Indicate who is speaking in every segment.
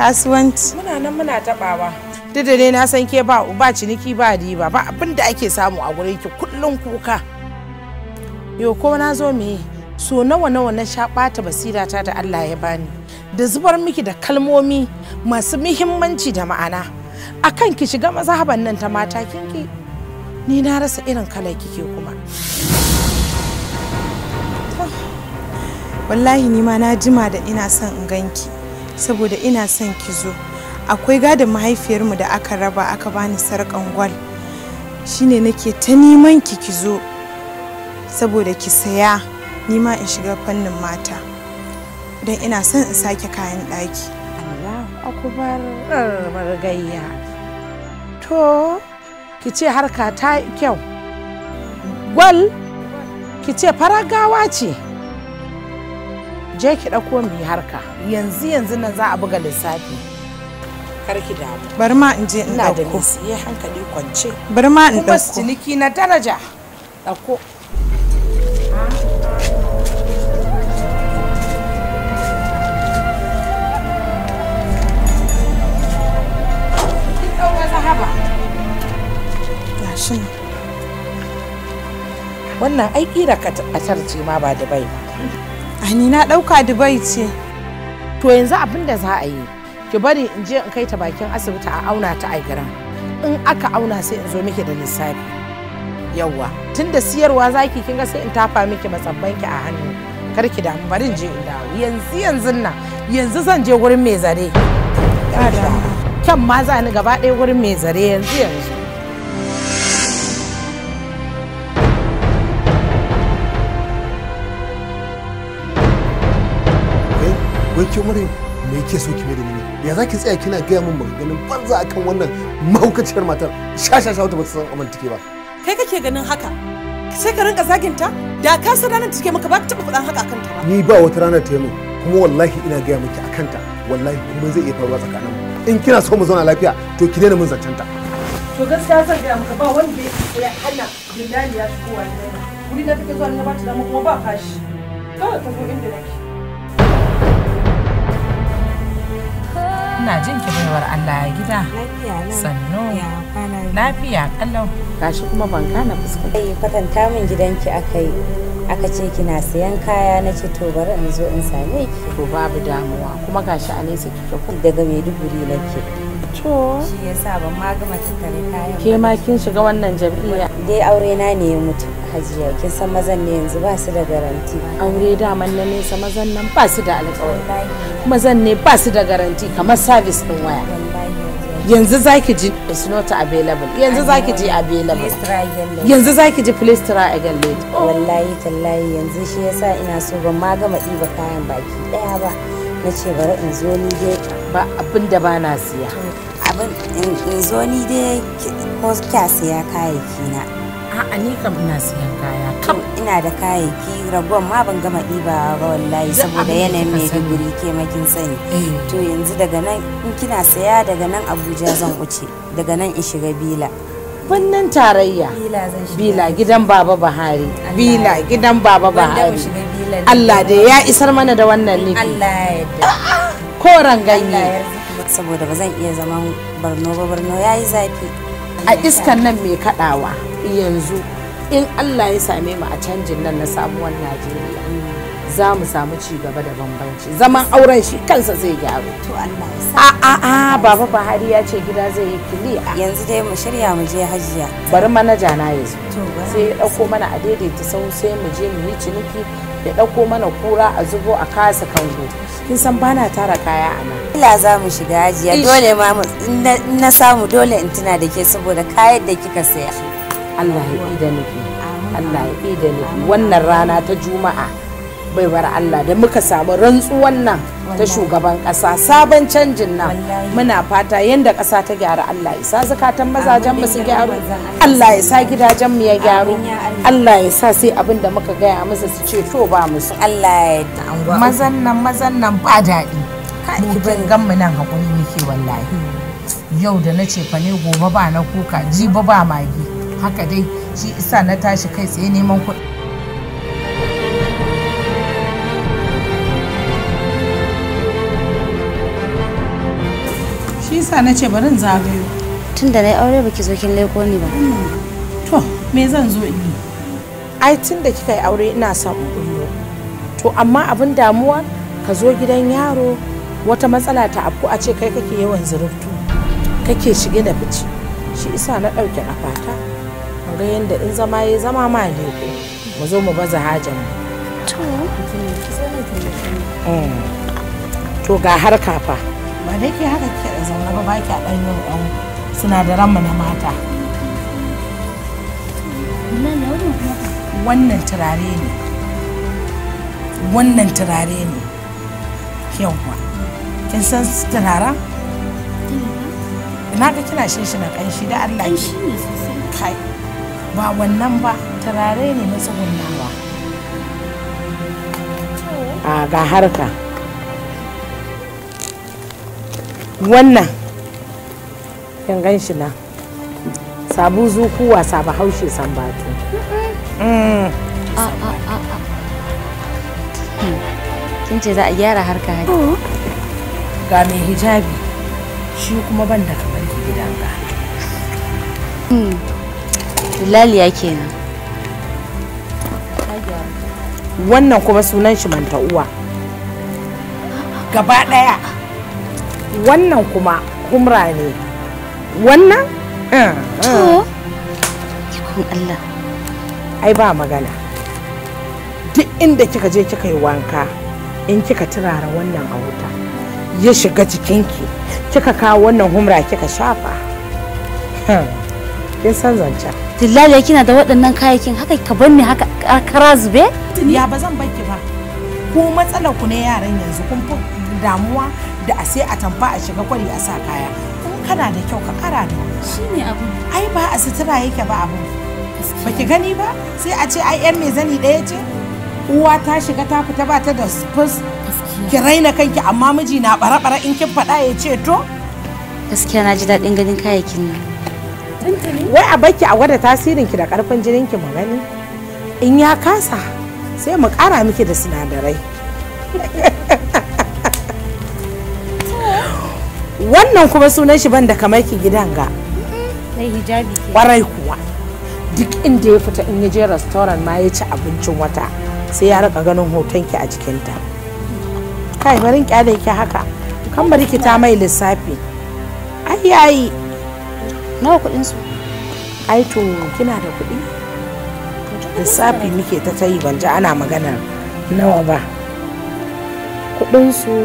Speaker 1: kasuwanci muna nan muna tabawa duk da ne na san ke ba ba ciniki ba riba ba abin da ake samu a gurin ki kullun kuka yo ko na zo me so nawa nawa na sha bata basira ta da Allah ya bani da zubar miki da kalmomi masu muhimmanci da ma'ana akan ki shiga mazhaban nan ta mata kinki ni na rasa irin kalar kike kuma wallahi ni ma na jima da ina son in ganki saboda ina son ki zo akwai gadon mahaifiyarmu da aka raba aka bani sarkan gwal shine nake ta niman ki ki zo saboda ki saya nima in shiga fannin mata don ina son in sake kayan ɗaki. akubar er, margayya to ki ce harka ta kyau gwal ki ce faragawa ce je ki ɗauko mu yi harka yanzu yanzu nan za a buga lissafi karki damu bari ma in je in ina da yi hankali kwance bari ma in ɗauko kuma ciniki na daraja ɗauko wannan aiki da katar ce ma ba da bai ba Ni na ɗauka Dubai ce. To yanzu abin da za a yi, ki bari in je in kai ta bakin asibiti a auna ta a gidan. In aka auna sai in zo miki da lissafi. Yawwa, tunda siyarwa zaki kin ga sai in tafa miki ki a hannu. Kar ki damu bari in je in dawo. Yanzu yanzu nan, yanzu zan je wurin mai zare. Kyan ma za ni gaba ɗaya wurin mai zare yanzu yanzu.
Speaker 2: wai ke me yake so ki da ni ya zaki tsaya kina gaya min maganganun banza akan wannan mahaukaciyar matar sha sha sha wata ba san aman take ba
Speaker 1: kai kake ganin haka sai ka rinka zaginta da ka san ranar take maka ba ta taba faɗan
Speaker 2: haka akan ta ba ni ba wata ranar ta mun kuma wallahi ina gaya miki akan ta wallahi kuma zai iya faruwa tsakanin mu in kina so mu zauna lafiya to ki daina mun zancen ta
Speaker 1: to gaskiya zan gaya maka ba wanda ya hana dillali ya shigo wa gidan wuri na take zuwa na ba ta dama kuma ba kashi kawai ka zo inda nake ina jin ki Allah ya gida sannu lafiya kallon gashi kuma ban kana fuskar ai kwatanta min gidanki akai aka ce kina sayan kaya na ce to bari in zo in same ki to babu damuwa kuma gashi a nesa kike daga Maiduguri nake to shi sa ban ma gama tattare kayan ke ma kin shiga wannan jam'iyya dai aure na ne mutu hajiya kin san mazan ne yanzu ba su da garanti aure daman na nesa mazan nan ba su da alƙawari mazan ne ba su da garanti kamar service din waya yanzu za ki ji it's not available yanzu za ki ji available yanzu za ki ji please try again late wallahi tallahi yanzu shi yasa ina so ban ma gama ɗiba kayan baki ɗaya ba na ce bari in zo ni dai ba abin da ba na siya
Speaker 2: abin in zo ni dai
Speaker 1: ko kya siya kayayyaki na a'a ni kam ina siyan kaya kam ina da kayayyaki ragon ma ban gama ɗiba ba wallahi saboda yanayin maiduguri ke makin sani eh. to yanzu daga nan in kina saya daga nan abuja zan wuce daga nan in shiga bila birnin tarayya bila gidan baba bahari bila gidan baba bahari Allah da ya isar mana da wannan nufi Allah ya yarda koren ganye saboda ba zan iya zaman barno ba barno ya yi zafi
Speaker 3: a iskan nan
Speaker 1: mai kadawa yanzu in allah ya same mu a canjin nan na sabuwar najeriya za mu samu ci gaba da bambanci zaman auren shi kansa zai gyaru a a a baba bahari ya ce gida zai yi kili yanzu dai mu shirya mu je hajiya bari manaja na yanzu sai ya dauko mana a daidaita sau sai mu je mu yi ciniki ya ɗauko mana kura a zubo a kasa kango kin san bana tara kaya a nan ila za mu shiga ajiya dole ma in na samu dole in tuna da ke saboda kayan da kika saya Allah ya ida nufi Allah ya ida nufi wannan rana ta juma'a baiwar Allah da muka samu rantsuwan nan ta shugaban ƙasa sabon canjin nan muna fata yadda ƙasa ta gyara Allah ya sa zakatan mazajen mu su gyaru Allah ya sa gidajen mu ya gyaru Allah ya sa sai abin da muka gaya musu su ce to ba musu Allah ya mazan nan mazan nan ba daɗi mutum gan mu nan hakuri muke wallahi yau da na ce fa gobe ba na kuka jiba ba magi haka dai shi isa na tashi kai tsaye neman kuɗi yasa na ce barin zagayo tun da na yi aure baki zo kin leko ni ba hmm. to me zan zo in yi ai tun da kika yi aure ina son bullo to amma abin damuwa ka zo gidan yaro wata matsala ta afku a ce kai kake yawan zurubtu kake shige da fice shi isa na ɗauke kafata an ga yadda in zama ya zama ma leko mu zo mu baza hajjan mu to hmm. ga har kafa ba da ke haka kike da zaune ba baki a ɗan yin ɗan sinadaran mu na mata wannan turare ne wannan turare ne yawwa kin san turaren ina ka kina shi shi na kanshi da Allah kanshi ne kai ba wannan ba turare ne na tsugunnawa a ga harka wannan kin gan shi nan sabu zuku wasa ba haushe san batu mm. kin ce za a gyara harka haka mm. ga mai hijabi shi kuma ban da kamar gidanka mm. laliya kenan wannan kuma sunan shi manta uwa gaba daya wannan kuma kumra ne wannan eh, eh. to ikon Allah ai ba magana duk inda kika je kika yi wanka in kika turara wannan a wuta ya shiga jikinki kika kawo wannan humra kika shafa hmm. kin san zancen dillali kina da waɗannan kayayyakin haka ka bar ni haka kara zube ya ba zan baki ba ku matsalar ku ne yaran yanzu kun fi damuwa da a sai a tamfa a shiga kwari a sa kaya in kana da kyau ka kara da shi ne abu ai ba a sutura yake ba abu ba ki gani ba sai a ce ai yan mai zani daya ce uwa ta shiga ta fita ba ta da spurs ki raina kanki amma miji na bara-bara in kin faɗa ya ce to gaskiya na ji daɗin ganin kayayyakin nan wai a baki a gwada tasirin ki da karfin jinin ki magani in ya kasa sai mu kara miki da sinadarai wannan kuma sunan shi banda da kamar ki gidan ga hijabi kwarai kuwa duk inda ya fita in ya je restaurant ma ya ci abincin wata sai ya rika ganin hoton ki a jikinta kai barin kyale ki haka kan bari ki ta mai lissafi ai yayi nawa kudin su ai to kina da kudi lissafi muke ta tayi ban ji ana maganar nawa ba kudin su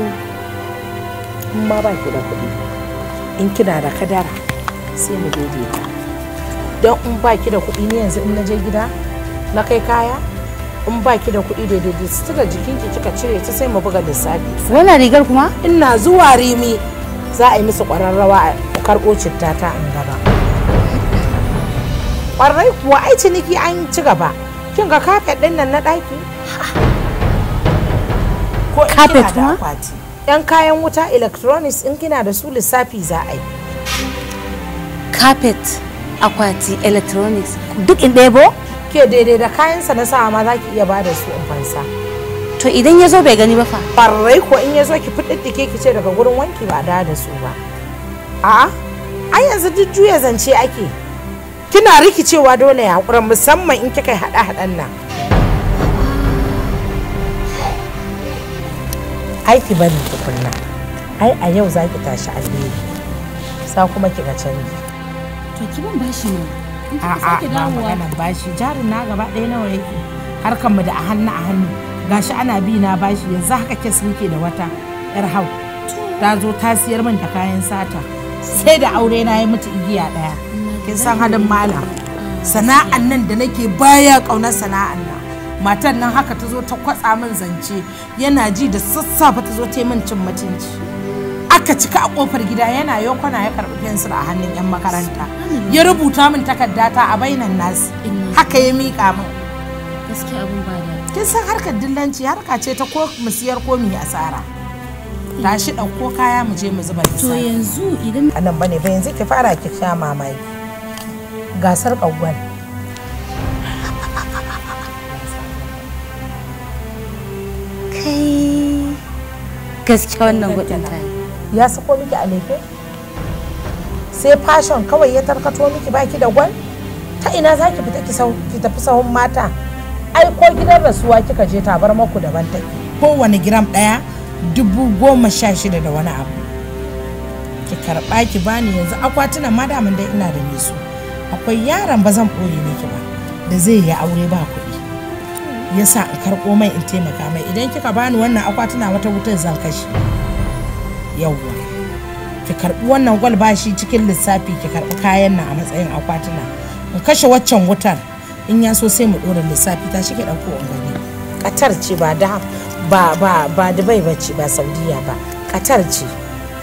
Speaker 1: in ma ba ki da kuɗi in kina da kadara sai mu daidaita don in ba ki da kuɗi ne yanzu in na je gida na kai kaya in ba ki da kuɗi da daidai jikin jikinki kika cire ta sai mu buga lissafi wannan rigar kuma ina zuwa rimi za a yi musu ƙwararrawa a karɓo citta ta an gaba ƙwarai kuwa ai ciniki an ci gaba kin ga kafet ɗin nan na ɗaki ko kafet kina 'yan kayan wuta electronics in kina da su lissafi za a yi carpet akwati electronics duk in ɗebo ke daidai da kayansa na sa ma za ki iya ba da su in fansa to idan ya zo bai gani ba fa farrai ko in ya zo ki fiɗiɗɗike ki ce daga gurin wanki ba da da su ba a'a an yanzu duk juya zance ake kina rikicewa dole ya musamman in kika haɗa haɗan nan ai ki bari tukunna ai a yau za ki tashi alheri sa kuma ki ga canji to ki ban bashi ne a'a ba magana bashi jarin na gaba ɗaya nawa yake harkar mu da a hannu a hannu gashi ana bi na bashi yanzu haka kes nake da wata yar hau ta zo ta siyar min ta kayan sata sai da aure na yi mutu igiya ɗaya kin san halin mala sana'an nan da nake baya kauna sana'an nan Matar nan haka ta zo ta kwatsa min zance yana ji da sassafe ta zo ta yi min cin mutunci aka cika a kofar gida yana yokona ya karɓi fensir a hannun 'yan makaranta ya rubuta min takarda ta a bainan nasi haka ya miƙa min gaskiya abun ba da kin san harkar dillanci harka ce ta ko mu siyar ko mu yi asara tashi ɗauko kaya mu je mu zuba to yanzu idan anan bane ba yanzu ki fara ki sha mamaye, gasar ƙawwal gaskiya wannan gudun ta ya sako miki a lefe sai fashion kawai ya tarkato miki baki da gwal ta ina za ki fita ki tafi sahun mata ai ko gidan rasuwa kika je ta bar maku daban take kowane giram daya dubu goma sha shida da wani abu ki karɓa ki bani yanzu akwatunan madamin dai ina da nisu akwai yaron ba zan ɓoye miki ba da zai yi aure ba kuɗi ya sa in karɓo mai in taimaka mai idan kika bani wannan akwatuna wata wutar zan kashe yawwa ki karɓi wannan gwal bashi cikin lissafi ki karɓi kayan nan a matsayin akwatuna in kashe waccan wutar in ya so sai mu ɗora lissafi ta shi ɗauko in gani ƙatar ce ba da ba ba ba dubai ba ce ba saudiya ba ƙatar ce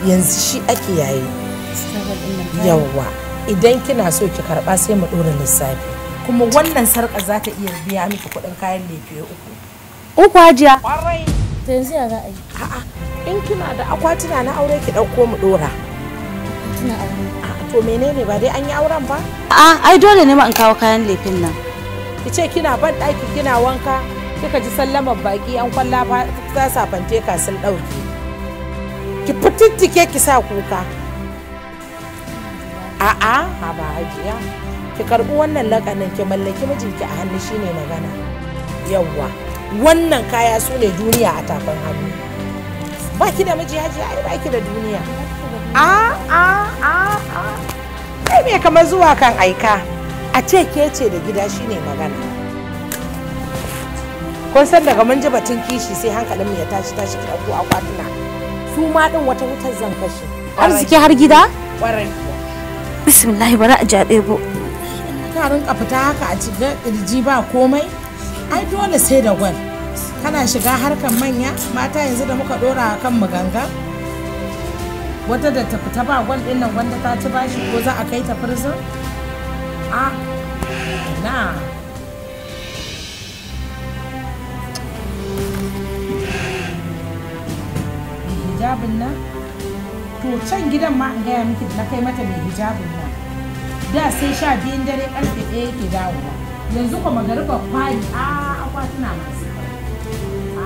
Speaker 1: yanzu shi ake yayi yawwa idan kina so ki karɓa sai mu ɗora lissafi kuma wannan sarka za ta iya biya miki kuɗin kayan lefe uku uku hajiya ƙwarai Ta yanzu ya za a yi a'a in kina da akwatuna na aure ki ɗauko mu ɗora Kina aure A'a to menene ba dai an yi auren ba a'a ai dole ne ma in kawo kayan lefin nan ki ce kina ban ɗaki kina wanka kika ji sallamar baki an kwalla ta safante ka sun ɗauki ki fitittike ki sa kuka a'a ba hajiya ki karbi wannan lakanin ki mallaki mijinki a hannu shine magana yawwa wannan kaya su ne duniya a tafin hannu ba ki da miji haji ai ba ki da duniya a a a a kai me kamar zuwa kan aika a ce ke ce da gida shine magana kun san daga mun ji batun kishi sai hankalin mu ya tashi tashi ki dauko akwatuna su ma din wata wutar zan kashe arziki har gida kwarai bismillah bara ajabe bo ka rinka fita haka a cikin kirji ba komai ai dole sai da gwal kana shiga harkan manya mata yanzu da muka dora a kan maganga wata da ta fita ba gwal din nan wanda ta ci bashi ko za a kai ta prison a na hijabin nan to can gidan ma an gaya miki na kai mata mai hijabin nan da sai sha biyun dare karfe ɗaya yake dawowa yanzu kuma garba kwari a akwatuna masu hmm?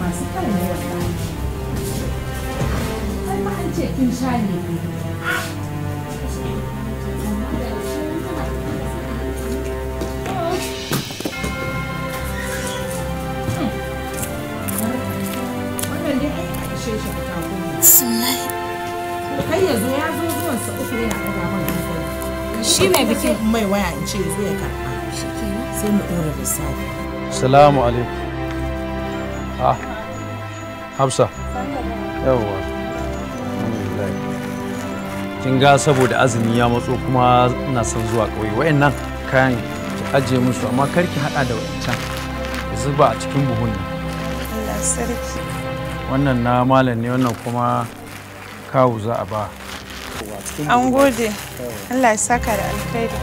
Speaker 1: masu kyau ne wata ai ma an ce kin sha ne sai mai waya in ce zo ya karɓa sai mu ɗora lissafi
Speaker 3: salamu alaikum ah hafsa yawwa kin ga saboda azumi ya matso kuma ina son zuwa ƙauye wayannan kayan ki ajiye musu amma kar ki haɗa da wayancan zuba a cikin buhun nan
Speaker 1: Allah sarki
Speaker 3: wannan na malam ne wannan kuma kawu za a ba cikin an gode
Speaker 1: Allah ya saka da alkhairi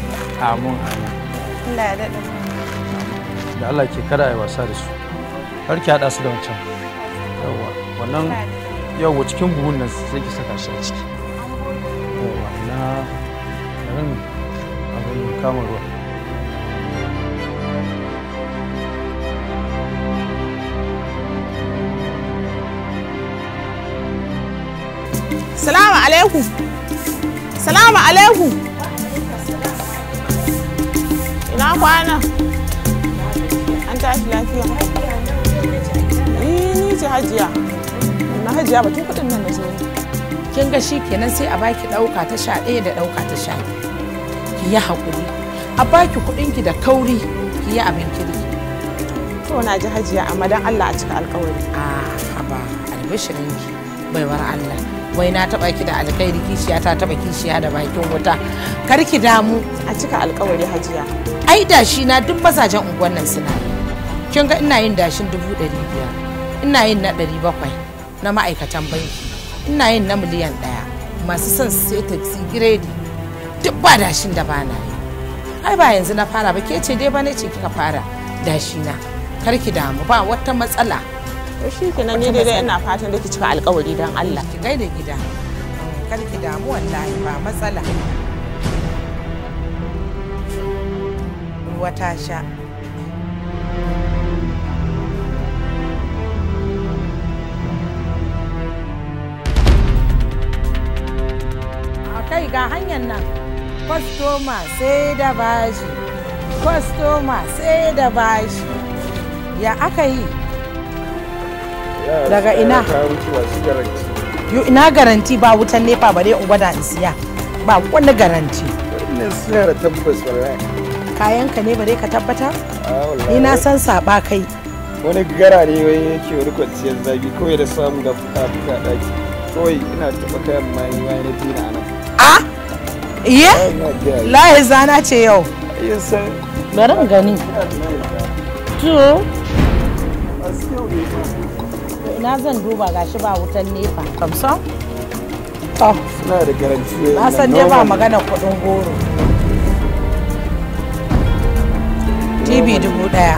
Speaker 3: da Allah ke kada yi wasa da su har ki su da wancan yawa wannan cikin buhun nan sai ki saka shi a ciki
Speaker 2: na ruwa
Speaker 1: Salamu alaikum. Salamu alaikum. Ina kwana. An tashi lafiya. Eh, ni ce hajiya. Na hajiya batun kuɗin nan da zo. Kin ga shi kenan sai a baki ɗauka ta sha ɗaya da ɗauka ta sha Ki yi hakuri A baki kuɗinki da kauri ki yi abin kiri. To na ji hajiya amma don Allah a cika alƙawari. A ah, haba ki baiwar Allah. wai na taba ki da alkhairi kishiya ta taba kishiya da bakin wuta kar ki damu a cika alkawari hajiya ai dashi na duk mazajen unguwan nan suna kin ga ina yin dashin dubu ɗari biyar ina yin na ɗari bakwai na ma'aikatan banki ina yin na miliyan ɗaya masu son su sai taxi giredi duk ba dashin da bana yi ai ba yanzu na fara ba ke ce dai ba ne ce kika fara dashi na kar ki damu ba wata matsala to ke nan ne dai ina fatan da ki cika alkawari don Allah ki gaida gida kar ki damu wallahi ba matsala ruwa ta sha kai ga hanyar nan kwastoma sai da bashi kwastoma sai da bashi ya aka yi daga ina yo ina garanti ba wutan nefa bare in gwada in siya ba wani garanti kayan ka ne ba dai ka tabbata
Speaker 3: ah, ni na san
Speaker 1: saba kai
Speaker 3: wani gara ne wai yake wani kwanciyar zabi kawai da samu da fuka fuka
Speaker 4: daki kawai ina taba kayan mai mai na dina anan a iye
Speaker 5: ah,
Speaker 1: lahi zana ce yau bari in gani to na zan duba gashi ba wutan nefa kamsa
Speaker 3: ah suna da garanti na san ne ba magana
Speaker 1: kudin goro tv dubu daya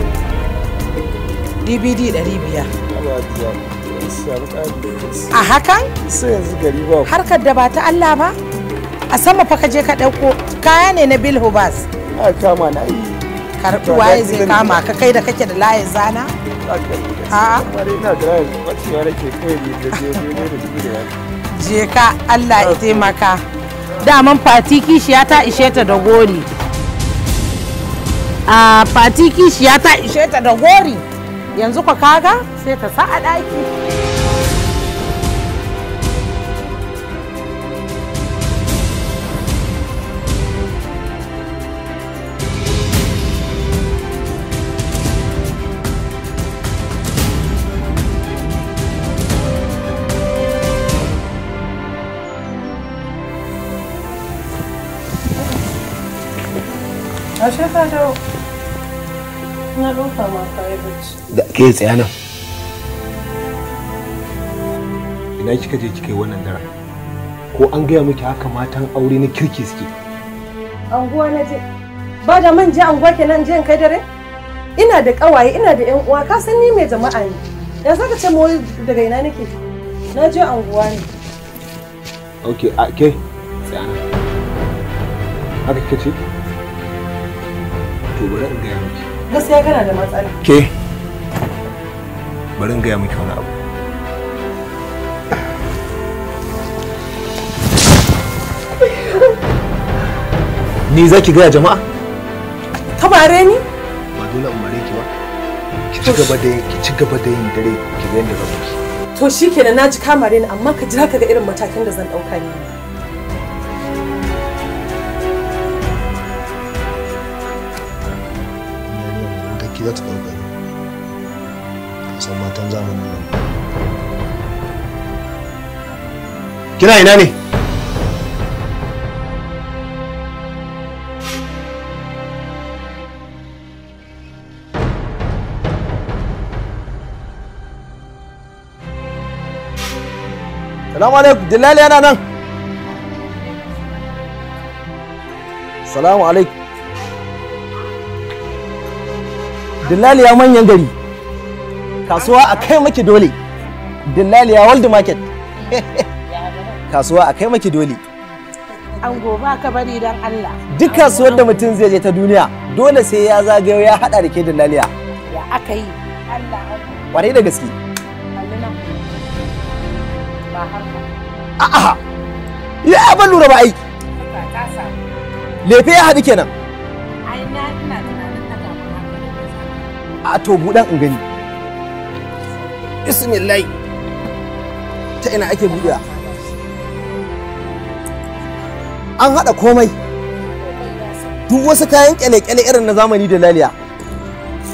Speaker 1: dvd dari biyar
Speaker 5: a hakan sai yanzu gari ba
Speaker 1: harkar da ba ta allah ba a sama fa ka je ka ɗauko kaya ne na bill hubas a kama na yi karɓi waye zai kama ka kai da kake da layin zana
Speaker 4: a'a
Speaker 1: je ka Allah ya taimaka daman fati kishiya ta ishe ta da gori a fati kishiya ta ishe ta da gori yanzu ka kaga sai ta sa a ɗaki
Speaker 2: ashe ka dawo na ɗauka ma kayi bacci da ke tsaya nan ina kika je kika yi wannan dara ko an gaya miki haka matan aure na kirki suke
Speaker 1: anguwa na je ba da man je anguwa kenan je in kai dare ina da kawaye ina da yan uwa ka san ni mai jama'a ne ya saka ce mu daga ina nake na je anguwa ne
Speaker 2: okay a ke tsaya haka kike ce to bari in gaya miki
Speaker 5: gaskiya kana da matsala
Speaker 2: ke bari in gaya miki wani abu ni za ki gaya jama'a ka bare ni ba dole in bare ki ba ki ci gaba da ki ci gaba da yin dare ki ga yadda za
Speaker 1: ki to shikenan na ji kamare ni amma ka jira ka ga irin matakin da zan dauka ne
Speaker 2: mataki za ta ɗauka ne san matan zamanin nan kina ina ne
Speaker 5: Salamu alaikum, Dillali yana nan. Salamu alaikum. dillali ya manyan gari kasuwa a kai maki dole dillali ya world market kasuwa a kai maki dole
Speaker 1: an goba ka bari don Allah
Speaker 5: duk kasuwar da mutum zai je ta duniya dole sai ya zagayo ya hada da ke dillaliya
Speaker 1: ya aka yi Allah
Speaker 5: kwarai da gaske a'a ya ban lura ba ai lefe ya haɗu kenan ai na ina a to buɗan in gani
Speaker 2: bismillah ta ina
Speaker 5: ake buɗewa an haɗa komai duk wasu kayan kyale-kyale irin na zamani da laliya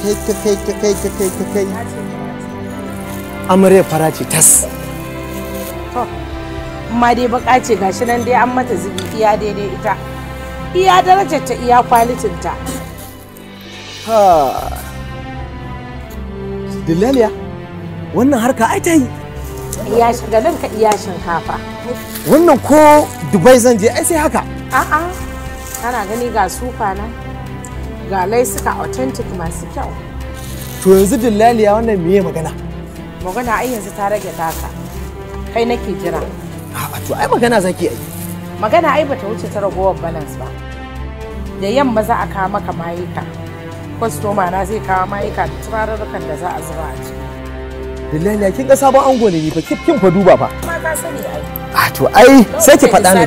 Speaker 5: kai kai kai kai kai amarya fara ce tas
Speaker 1: amma dai baka ce gashi nan dai an mata zubi iya daidai ita iya darajar ta iya kwalitinta.
Speaker 5: ta ha dillaliya wannan harka ai ta yi
Speaker 1: ya garin ka iya shinkafa
Speaker 5: wannan ko dubai zan je ai sai haka
Speaker 1: a'a kana gani ga sufa na ga suka authentic masu kyau
Speaker 5: to yanzu dillaliya wannan meye magana
Speaker 1: magana ai yanzu ta rage taka kai nake jira a'a to ai magana zaki ai magana ai bata wuce ta ragowar balance ba da yamma za a kawo maka mayuka kwastoma na zai kawo ma'aika da turarurrukan da za a zuba a ciki.
Speaker 5: Lillahi kin ga sabon ango ne ni fa kin fa duba fa.
Speaker 1: Ma ka sani ai.
Speaker 5: A to ai sai ki faɗa ni.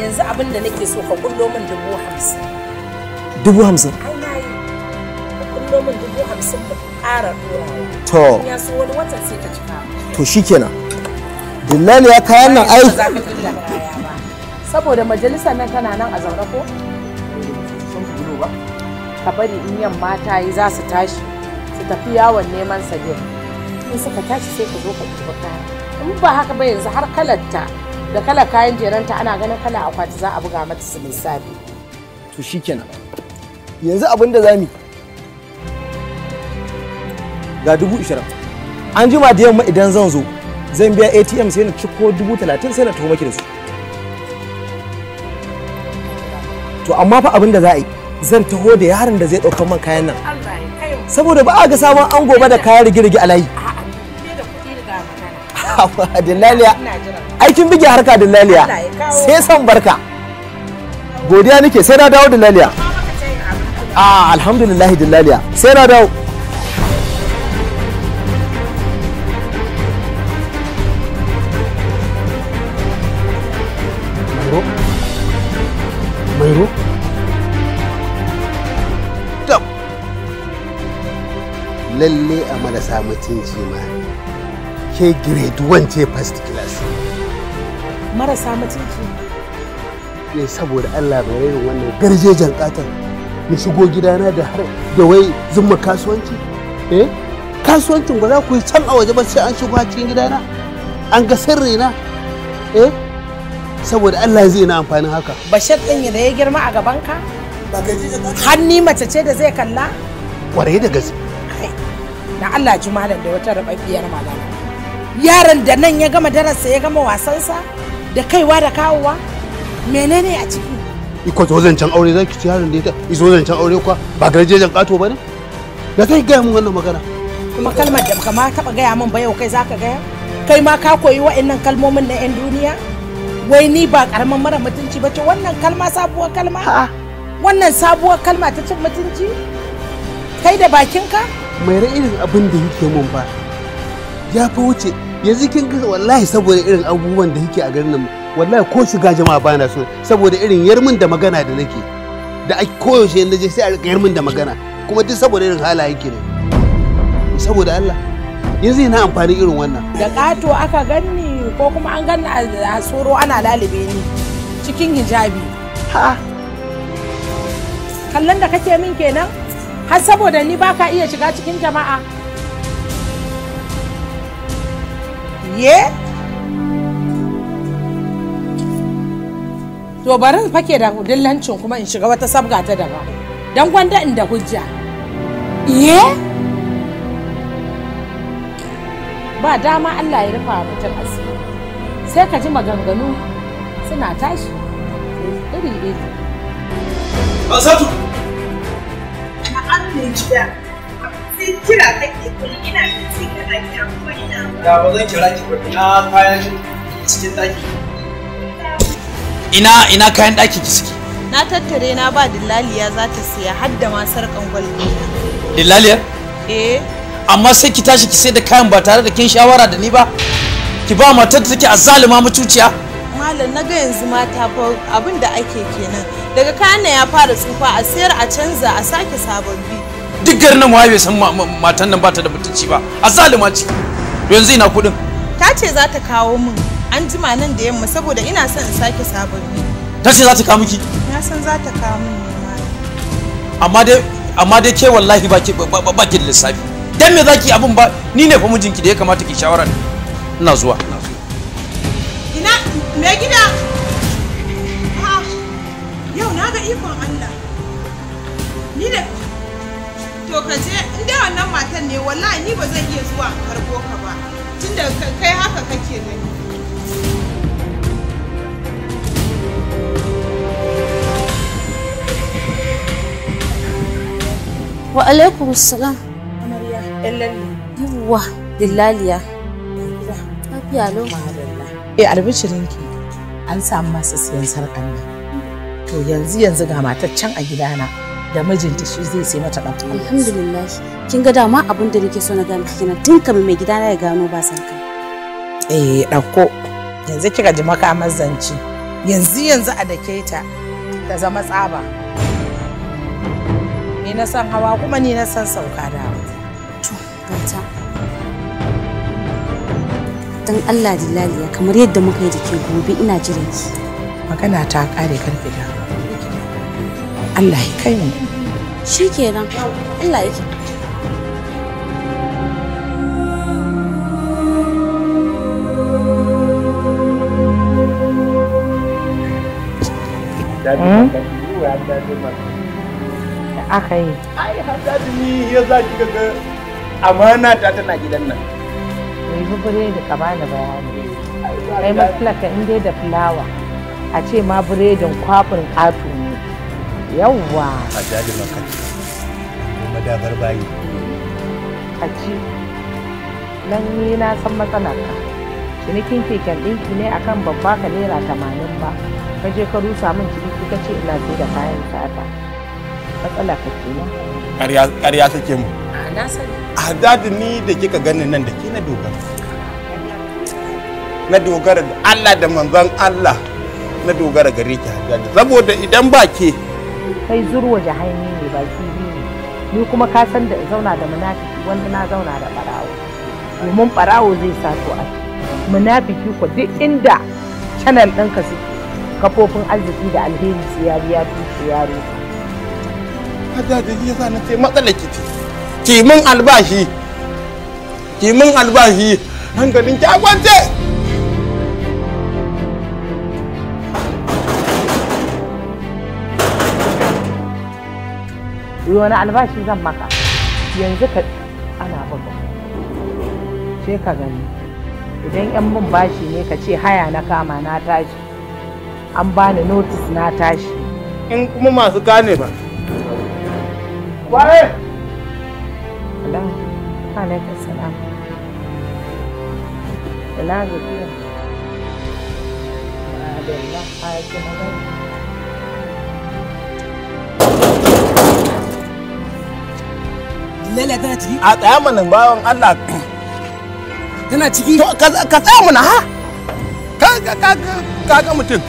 Speaker 1: Yanzu abin da nake so ka kullo min dubu hamsin.
Speaker 5: Dubu hamsin? Ai
Speaker 1: na yi. Ka kullo min dubu hamsin ba ƙara ɗorawa. To. Ya so wani watan sai ka cika.
Speaker 5: To shikenan. Dillali ya kayan nan ai.
Speaker 1: Saboda majalisa nan tana nan a zaune ko? Sun fi ba. ka bari in yamma ta yi za su tashi su tafi yawon neman sabir in suka tashi sai ka zo ka ɗiba kaya in ba haka ba yanzu har kalarta da kalar kayan jeranta ana ganin kala akwati za a buga mata su lissafi
Speaker 5: to shikenan yanzu abin da zamu ga dubu ishirin an jima da yamma idan zan zo zan biya atm sai na ciko dubu talatin sai na tuhuma maki da su to amma fa abin da za a yi zan taho da yaron da zai ɗaukar man kayan nan saboda ba a ga sabon an gobe da kayan rigirgi a layi dillaliya aikin bige harka dillaliya sai san barka godiya nake sai na dawo dillaliya Ah, alhamdulillah dillaliya sai na dawo
Speaker 2: lalle a marasa mutunci ma ke grade 1 ce first class
Speaker 1: marasa mutunci
Speaker 2: ne eh, saboda Allah bai yi wannan garjejen katon mu shigo gidana da har da wai zumma kasuwanci eh kasuwancin ba za ku yi can a waje ba sai an shigo cikin gidana an ga sirri na eh saboda Allah zai na amfanin haka
Speaker 1: bashir din da ya girma a gaban ka hanni mace ce da zai kalla
Speaker 2: kware da gaske
Speaker 1: na Allah ji malam da wata rababbiyar magana yaron da nan ya gama darasa ya gama wasansa da kaiwa da kawowa menene a ciki
Speaker 2: iko zo zancan aure zaki ci yaron da ita izo zancan aure kuwa ba garjejen kato bane da zai gaya mun wannan magana
Speaker 1: kuma kalmar da kama taba gaya min ba yau kai zaka gaya kai ma ka koyi wa'annan kalmomin na yan duniya wai ni ba karaman mara mutunci ba ce wannan kalma sabuwar kalma wannan sabuwar kalma ta cin mutunci kai da bakinka
Speaker 2: mai ra irin abin da yake mun ba ya fa wuce yanzu kin ga wallahi saboda irin abubuwan da yake a garin nan wallahi ko shiga jama'a ba na so saboda irin yarmin da magana da nake da ake koyaushe yanda je sai a rika yarmin da magana kuma duk saboda irin halaye ke ne saboda Allah yanzu yana amfani irin wannan da kato
Speaker 1: aka ganni ko kuma an ganni a
Speaker 2: tsoro ana lalube ni cikin hijabi
Speaker 1: ha kallon da kake min kenan har saboda ni ba ka iya shiga cikin jama'a ye to bari fake da dillancin kuma in shiga wata sabga ta daban don gwanda in da hujja ye ba dama Allah ya rufa mutum asiri sai ka ji maganganu suna tashi iri iri masatu. zuciya sai kira kake kullum ina cikin kana kira kuma ina
Speaker 5: da zan kira ki ba ina kayan cikin daki ina ina kayan daki ki suke
Speaker 1: na tattare na ba dillaliya za ta siya har da ma sarkan gwalgo Dillaliya? eh
Speaker 3: amma sai ki tashi ki sai da kayan ba tare da kin shawara da ni ba ki ba matar da take azzalima mutuciya
Speaker 1: malam na ga yanzu mata fa abin da ake kenan daga kayan ya fara tsufa a sayar a canza a sake sababbi
Speaker 3: duk gari na bai san matan nan bata da mutunci ba a zalima ce yanzu ina kuɗin
Speaker 1: ta ce za ta kawo min an jima nan da yamma saboda ina son in sake sabon
Speaker 3: ta ce za ta kawo miki
Speaker 1: na san za ta kawo min
Speaker 3: amma dai amma dai ke wallahi ba ki ba ki lissafi dan me zaki abin ba ni ne fa mijinki da ya kamata ki shawara ina zuwa ina zuwa
Speaker 1: ina me gida yau na ga ikon Allah ni ne to ka je in dai wannan matan ne wallahi ni ba zan iya zuwa karbo ka ba tunda kai haka
Speaker 3: kake gani
Speaker 1: wa alaikum salam amarya yan yawwa dillaliya lafiya eh albishirinki an samu masu siyan sarkan nan to yanzu yanzu ga matar can a gidana da mijinta shi zai sai mata dan kwallo alhamdulillah kin ga dama abin da nake so na ga miki kenan tun kamar mai gidana ya gano ba san kai eh dauko yanzu kika ji makamar mazanci. yanzu yanzu a dake ta ta zama tsaba ni na san hawa kuma ni na san sauka da
Speaker 2: to ganta.
Speaker 1: dan Allah dilaliya kamar yadda muka yi dake gobe ina jiran ki magana ta kare karfi da Allah ya kai mu shi kenan Allah ya hmm?
Speaker 2: da aka yi ai haddadi ni
Speaker 3: ya za ki ga amana ta tana gidan nan yi bubure da ka bani
Speaker 1: bayani kai matsalaka in dai da fulawa a ce ma biredin kwafin ƙato ne yawwa
Speaker 3: a jajin makaci madagar bayi
Speaker 1: kaci nan ni na san matsalar ka cinikin keken ɗinki ne akan babba ka naira tamanin ba ka je ka rusa min ciniki ka
Speaker 3: ce ina sai da kayan sata matsala ka kenan ƙarya take mu na sani a dadi ni da kika ganin nan da ke na dogara na dogara da Allah da manzon Allah na dogara gare ki saboda idan ba ke
Speaker 1: kai zurwa jahaimi ne ba kibi ne ni kuma ka san da zauna da munafiki wanda na zauna da barawo domin barawo zai sa su a munafiki ko duk inda canal ɗinka suke kafofin arziki da alheri
Speaker 3: su ya biya su yaro hada da yasa na ce matsalar ki kimin albashi kimin albashi hankalin ki a kwance
Speaker 1: wani albashi zan maka yanzu ka ana baka sai ka gani idan yan mun bashi ne ka ce haya na kama na tashi an bani notis na tashi
Speaker 3: in kuma masu gane ba
Speaker 1: waye alaikum salam ina gajiya a da ya
Speaker 3: lele tana ciki a tsaya mana bawan Allah tana ciki to ka tsaya mana ha ka ka ka ga mutum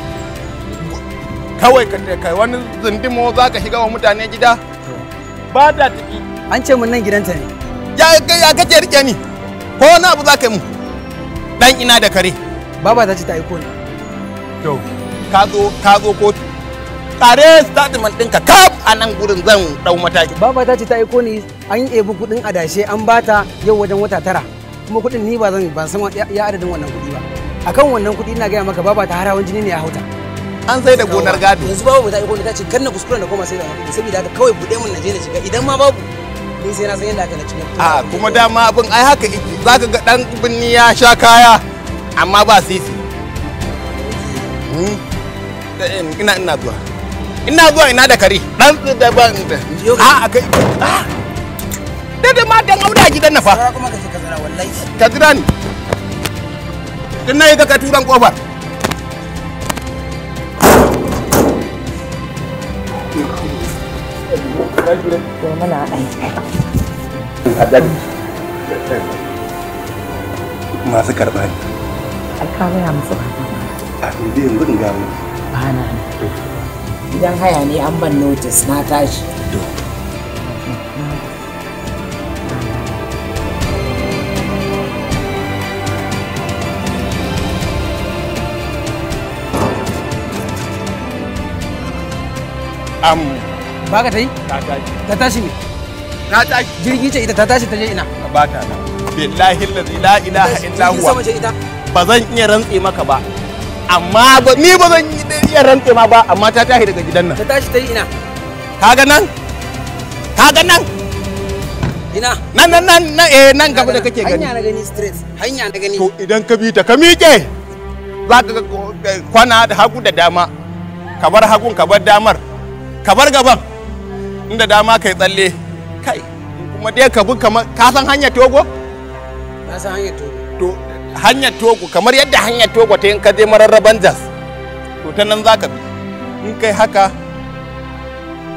Speaker 3: kawai ka kai wani zindimo za ka shiga wa mutane gida ba ta ciki an ce mun nan gidanta ne ya ya kace rike ni ko na abu za ka yi mu dan ina da kare baba ta ce ta aiko ne to ka zo ka zo kotu kare statement ɗinka kaf a nan gurin zan dau mataki baba ta ce ta aiko ne an ebu kuɗin adashe an bata yau wajen wata tara kuma kuɗin ni ba zan ban san ya adadin wannan kuɗi ba akan wannan kuɗi ina gaya maka ba ta harawan jini ne ya hauta an sai da gonar gado yanzu babu ta iko ta ce kanna kuskuren da koma sai da hakuri saboda haka kawai buɗe mun naje na shiga idan ma babu ni sai na san yadda aka na cikin a kuma dama abin ai haka zaka ga dan binni ya sha kaya amma ba sisi hmm? eh, ina ina zuwa ina zuwa ina da kari dan da ban a kai ah! da ma dan auda gidan na fa kuma ka zira wallahi ka ni din nayi ga ka turan kofar to mana masu karɓa ne
Speaker 1: alkawai ya musu
Speaker 3: a inda yanzu in gawo ba na
Speaker 1: idan haya ne an ban notice na tashi
Speaker 3: am ba ka ta yi ta tashi ta tashi ne ta tashi jirgi ce ita ta tashi ta je ina ba ta nan billahi la ilaha illa huwa ba zan iya rantse maka ba amma ba ni ba zan iya rantse ma ba amma ta tashi daga gidan nan ta tashi ta yi ina ka ga nan ka ga nan ina nan nan nan nan eh nan gaba da kake gani hanya na gani stress hanya na gani to idan ka bi ta ka miƙe za ka eh, kwana da hagu da dama ka bar hagun ka bar damar ka bar gaban inda dama kai tsalle kai kuma dai ka bi kamar ka san hanyar togo
Speaker 2: na san hanyar togo
Speaker 3: to hanyar togo kamar yadda hanyar togo ta yin ka je mararraban jas to ta nan zaka bi in kai haka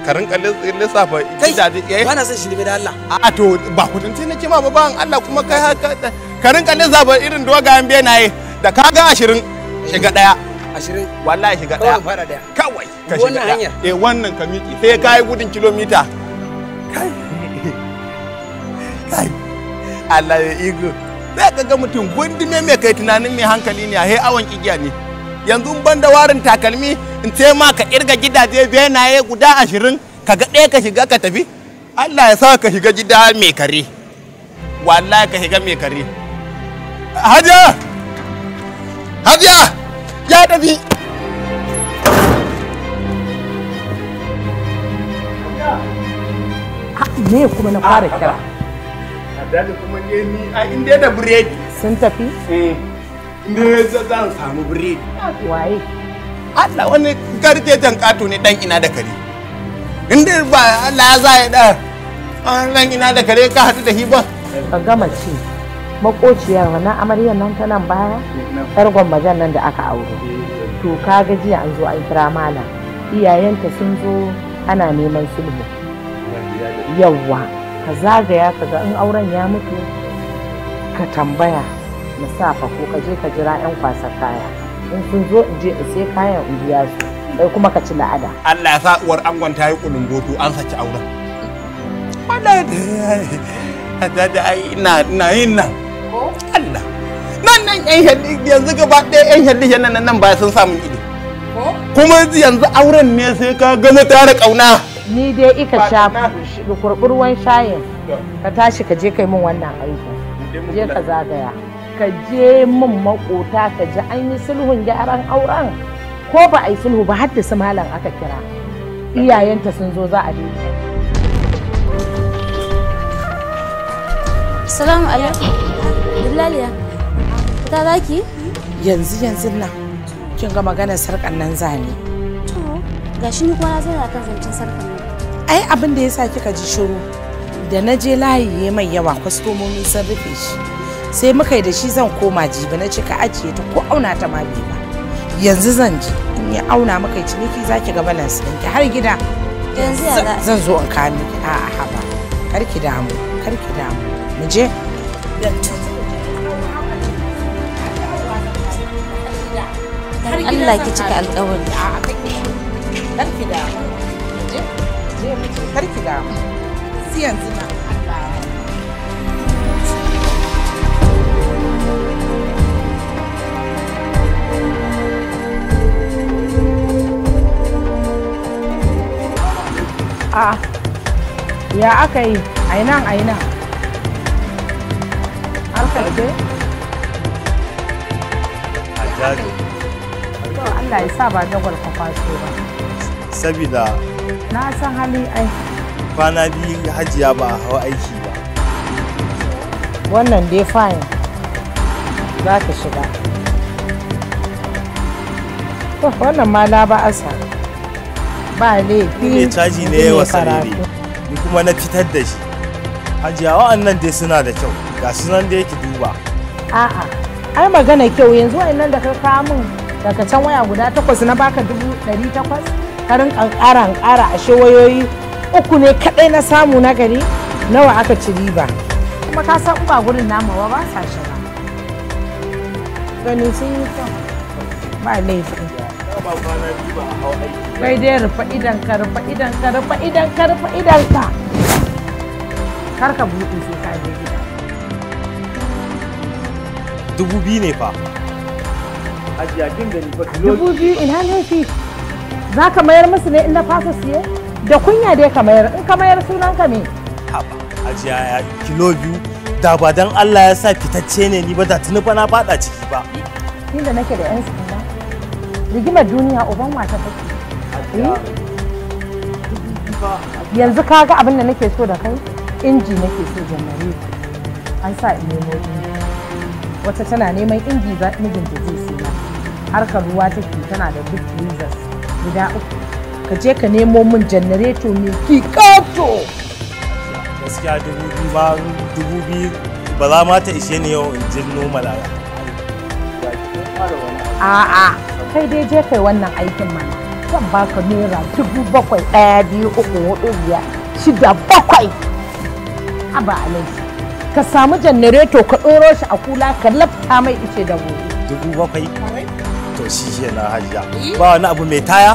Speaker 3: ka rinka lissafa Kai? eh ba na son shi da Allah a to ba kutunci nake ma ba Allah kuma kai haka ka rinka lissafa irin dogayen benaye da kaga 20 shiga daya ashirin wallahi shiga ɗaya fara ɗaya kawai ka shiga ɗaya hanyar eh wannan ka miƙe sai ka yi gudun kilomita kai kai Allah ya igo sai ka ga mutum gundume mai kai tunanin mai hankali ne a he awon igiya ne yanzu ban da warin takalmi in ce ma ka kirga gidaje benaye guda ashirin ka ga ɗaya ka shiga ka tafi Allah ya sa ka shiga gida mai kare wallahi ka shiga mai kare hajiya
Speaker 5: hajiya ya tafi me kuma na fara kira
Speaker 2: Adali kuma ne ni a inda da bread
Speaker 3: sun tafi eh ne zan samu bread waye Allah wani jan kato ne dan ina da kare inda ba Allah ya za ya da dan ina da kare ka hadu da hiban ka gama ci makociyar wannan amaryar nan ta nan baya
Speaker 1: yar gwammajan nan da aka aure eh, to ka ga jiya an zo an kira mala iyayenta sun zo ana neman sulhu yawwa ka zagaya ka ga in auren ya mutu ka tambaya safa ko ka je ka jira yan kwasa kaya in sun zo in je sai kayan in biya su Sai kuma ka ci la'ada
Speaker 3: Allah ya sa uwar angon ta yi kulungoto an saki auren da ina ina yin nan
Speaker 2: nan nan yan
Speaker 3: yanzu gaba ɗaya yan yan nan nan ba sun samu ido kuma yanzu auren ne sai ka gano tare kauna
Speaker 1: ni dai ika sha ruwan shayin ka tashi ka je kai min wannan aiki je ka zagaya ka je min makota ka ji an yi sulhun gyaran auren ko ba a yi sulhu ba haddasa malam aka kira iyayenta sun zo za a daidai salamu alaikum Bilaliya. Ta zaki? Yanzu yanzu nan. Kin ga maganar sarkan nan zane. To, gashi
Speaker 2: ni kuma na zauna kan zancen sarkan nan.
Speaker 1: Ai abin da yasa kika ji shiru. Da na je layi mai yawa kwastomomi sun rufe shi. Sai muka yi da shi zan koma jibi na cika ajiye ta ko auna ta ma bai ba. Yanzu zan ji in ya auna maka ciniki zaki ga balance ki har gida.
Speaker 5: Yanzu ya zan
Speaker 1: zo in kawo miki a'a haba. ki damu, kar ki damu. Mu je. Yanzu. Allah ki cika alƙawari ki da Je, je kar ki da si yanzu na A'a, ya aka yi aina aina alkalde?
Speaker 3: Hajjaju.
Speaker 1: Allah ya sa ba dagwal ka kwaso ba. Sabida. Na san hali ai.
Speaker 3: Kwana biyu hajiya ba a hawa aiki ba.
Speaker 1: Wannan dai fine.
Speaker 3: Za ka shiga.
Speaker 1: Oh, wannan ma na ba asa. Ba laifi. Ne
Speaker 2: caji ne yawa sarari. Ni kuma na fitar da shi.
Speaker 3: Hajiya wa'annan dai suna da kyau. Ga sunan da yake duba.
Speaker 1: A'a. Ai magana kyau yanzu wa'annan da ka kawo mun. daga can waya guda takwas na baka dubu ɗari takwas karin ƙanƙara ƙara a shewayoyi uku ne kaɗai na samu na gari nawa aka ci riba kuma ka san ba gurin namawa ba sa shiga gani sun yi kyau ba laifi bai dai rufa idan ka rufa idan ka rufa idan ka rufa idan ka
Speaker 4: kar ka buɗe sai ka je gida dubu biyu ne fa
Speaker 5: Ajiya gani fa kilo. Dubu biyu
Speaker 1: ina laifi. Za ka mayar musu ne in na fasa siye? Da kunya dai ka mayar in ka mayar sunan ka me?
Speaker 5: Haba ajiya ya kilo biyu da ba dan Allah ya sa fitacce ne ni ba da tuni fa na fada ciki ba.
Speaker 1: Ni da nake da yan sanda. Rigimar duniya uban wata take. Eh? Yanzu kaga abin da nake so da kai? Inji nake so janare. An sa in nemo wata tana neman inji za da zai harkar ruwa take tana da duk freezers guda uku ka je ka nemo min janareto mai kikato
Speaker 4: gaskiya dubu biyu ba dubu biyu ba za ma ta ishe ni yau in je noma
Speaker 1: a a'a kai dai je kai wannan aikin mana zan baka naira dubu bakwai ɗaya biyu uku hudu biyar shida bakwai ba alaji ka samu janareto ka ɗoro shi a kula ka lafta mai ice da gobe
Speaker 3: dubu bakwai to shi ke na hajiya eh? ba wani abu mai taya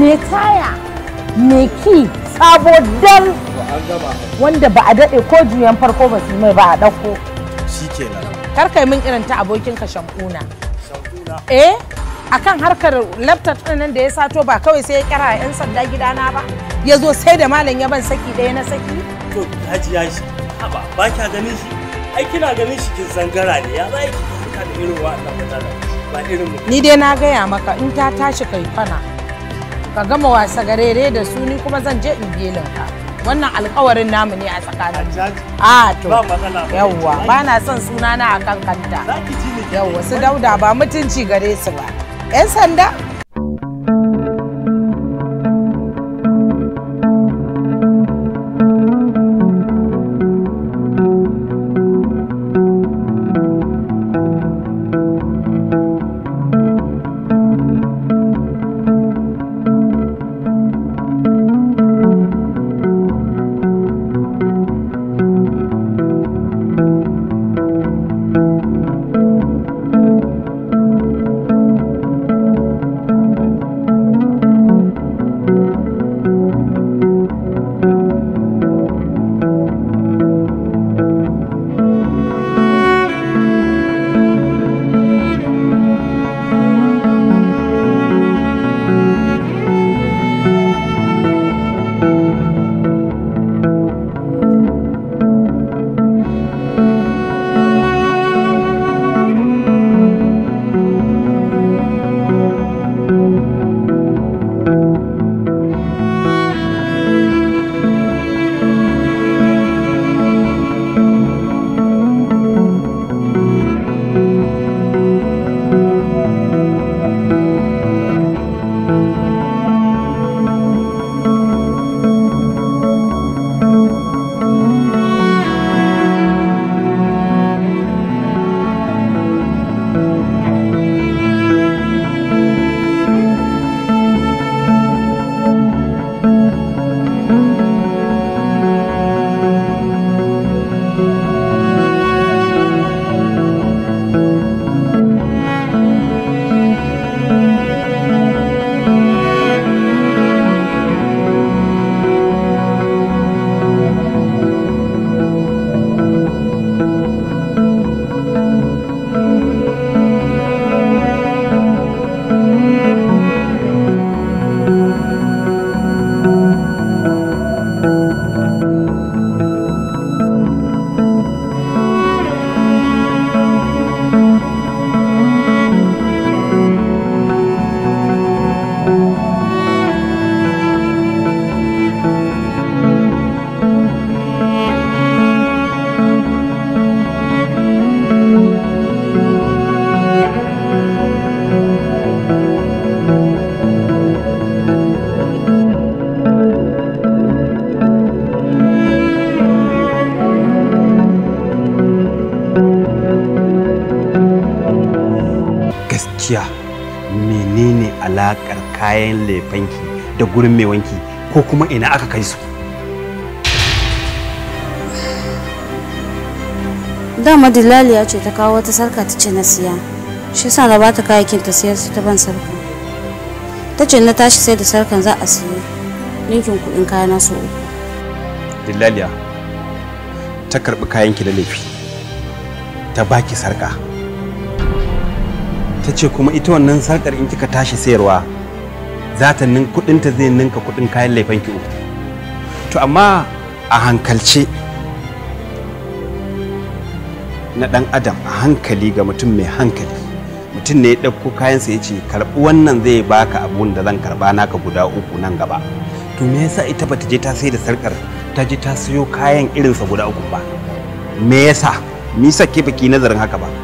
Speaker 1: mai taya mai ki sabo dal wanda ba a daɗe ko juyan farko ba su mai ba a ɗauko
Speaker 4: shi ke
Speaker 3: nan
Speaker 1: kar kai min irin ta abokin ka shankuna eh akan harkar laptop ɗin nan da ya sato ba kawai sai ya kira yan sanda gidana ba ya zo sai da malam ya ban saki ɗaya na saki to
Speaker 5: hajiya shi
Speaker 2: haba ba kya ganin shi ai kina ganin shi kin zangara ne ya za ki da irin wa'annan matsalar ni dai na
Speaker 1: gaya maka in ta tashi kai fana ka gama wasa garere da su ni kuma zan je in belin ka wannan alkawarin namu ne a tsakanin a to yawwa ba na son suna na akan kanta yawwa su dauda ba mutunci gare su ba yan sanda
Speaker 4: mai fanki da gurin mai wanki ko kuma ina aka kai su
Speaker 1: dama dillaliya ce ta kawo wata sarka ta ce na siya shi sa na ba ta kayakin ta siyar su ta ban sarka ta ce na tashi sai da sarkan za a siya ninkin kuɗin kayana so uku
Speaker 4: dillaliya ta karɓi kayanki da laifi ta baki sarka ta ce kuma ita wannan sarkar in kika tashi sayarwa za ta nin kudinta zai ninka kudin kayan laifin ki uku to amma a hankalce na dan adam a hankali ga mutum mai hankali mutum ne ya ɗauko kayansa ya ce karɓi wannan zai baka abun da zan karɓa naka guda uku nan gaba to me yasa ita bata je ta sai da sarkar ta je ta siyo kayan irinsa guda uku ba me yasa me yasa ke baki nazarin haka ba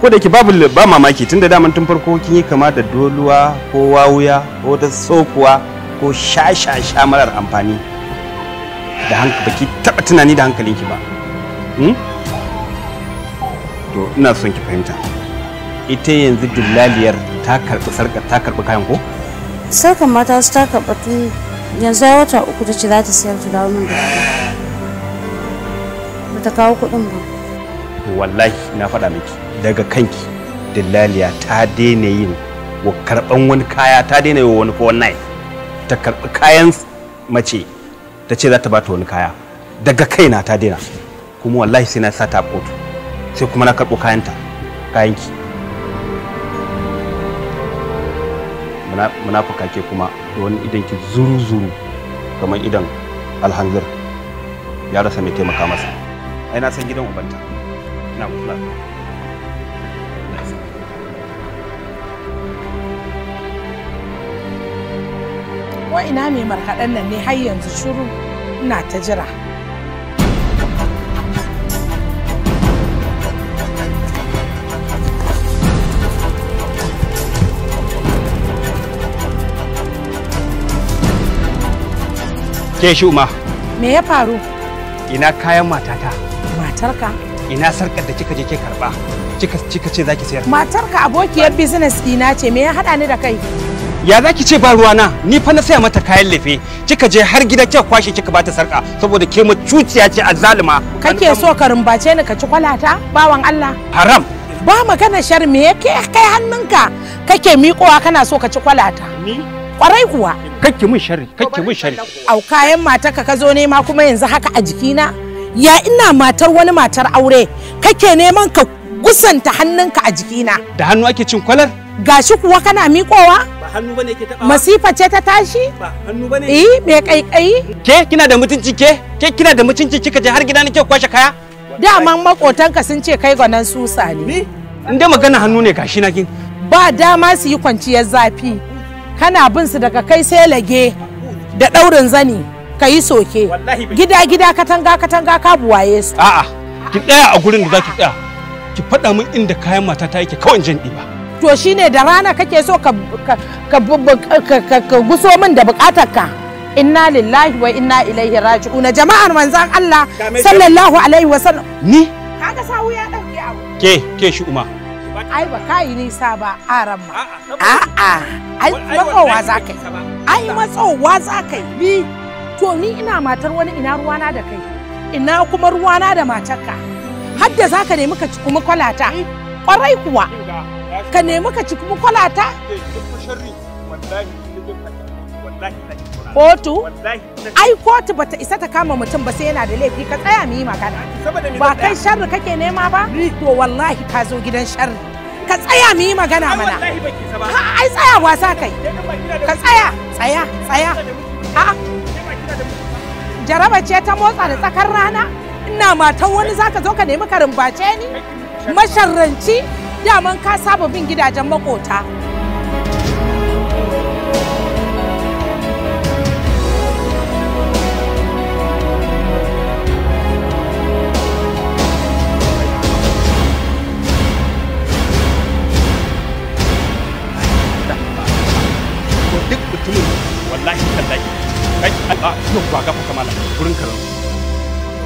Speaker 4: ko da ke babu ba mamaki tun da daman tun farko kin yi kama da doluwa ko wawuya ko ta tsokuwa ko sha-sha-sha marar amfani da hankali baki taba tunani da hankalinki ba hmm? to ina son ki fahimta ita yanzu dillaliyar ta karɓi sarka ta karɓi kayan ko
Speaker 1: sarkar mata su ta karɓa tun yanzu ya wata uku ta ce za ta sayar ta dawo min da
Speaker 4: ba ta kawo kuɗin ba to wallahi na faɗa miki daga kanki dillaliya ta daina yin wa karɓan wani kaya ta daina yi wa wani kowa nai ta karɓi kayan mace ta ce za ta ba ta wani kaya daga kaina ta daina kuma wallahi sai na sa ta kotu sai kuma na karɓo kayanta kayanki munafuka ke kuma da wani idan ki zuru-zuru kamar idan alhanzir ya rasa mai taimaka masa ai na san gidan ubanta Now flow. Nice.
Speaker 1: Wa ina mai markaɗen nan ne har yanzu shiru na ta jira. Ke shuma. Me ya faru?
Speaker 4: Ina kayan matata.
Speaker 1: Matarka?
Speaker 4: ina sarkar da kika je ke karba kika kika ce zaki sayar
Speaker 1: matarka abokiyar business dina ce me ya hada ni da kai
Speaker 4: ya zaki ce ba ruwana ni fa na saya mata kayan lefe kika je har gida kika kwashe kika bata sarka saboda ke mutuciya ce azzalima
Speaker 1: kake so ka rumbace ni ka ci kwalata bawan Allah haram ba magana shar me yake kai hannunka kake miƙowa kana so ka ci kwalata ni kwarai kuwa
Speaker 4: kake mun shari kake mun shari
Speaker 1: au kayan matarka ka zo ne ma kuma yanzu haka a jikina ya ina matar wani matar aure kake neman ka gusanta hannunka a jikina da
Speaker 4: hannu ake cin kwalar
Speaker 1: gashi kuwa kana mikowa ba hannu
Speaker 4: bane ke taba masifa ce ta tashi ba hannu bane eh me
Speaker 1: kaikayi ke kina da mutunci ke ke kina da mutunci kika je har gida nake kwashe kaya man makotanka sun ce kai gwanan susa ne
Speaker 4: in dai magana hannu ne gashi na kin
Speaker 1: ba dama su yi kwanciyar zafi kana bin su daga kai sai lage da daurin zani ka yi soke gida gida katanga katanga ka buwaye su a'a
Speaker 4: ki tsaya a gurin da zaki tsaya ki faɗa min inda kayan mata ta yake kawai jan ba.
Speaker 1: to shine da rana kake so ka guso min da bukatar ka inna lillahi wa inna ilaihi raji'un jama'ar manzan Allah sallallahu alaihi wa sallam ni kaga sawu ya dauke abu
Speaker 4: ke ke shi uma
Speaker 1: ai ba kai nisa ba aran ma a'a ai matsowa zakai ai matsowa zakai bi to ni ina matar wani ina ruwana da kai ina kuma ruwana da matarka har da za ka nemi ka ci kuma kwalata eh. kwarai kuwa ka nemi ka ci kuma kwalata eh, kotu ai kotu bata isa ta kama mutum ba sai yana da laifi ka tsaya mu yi magana ba kai sharri kake nema ba to wallahi ka zo gidan sharri ka tsaya mu yi magana mana ha ai tsaya sa kai ka tsaya tsaya tsaya a'a jaraba ce ta motsa da tsakar rana ina matan wani zaka zo ka nemi karin bace ni masharranci daman ka saba bin gidajen makota
Speaker 4: zuwa ku gafa ka malam gurin karan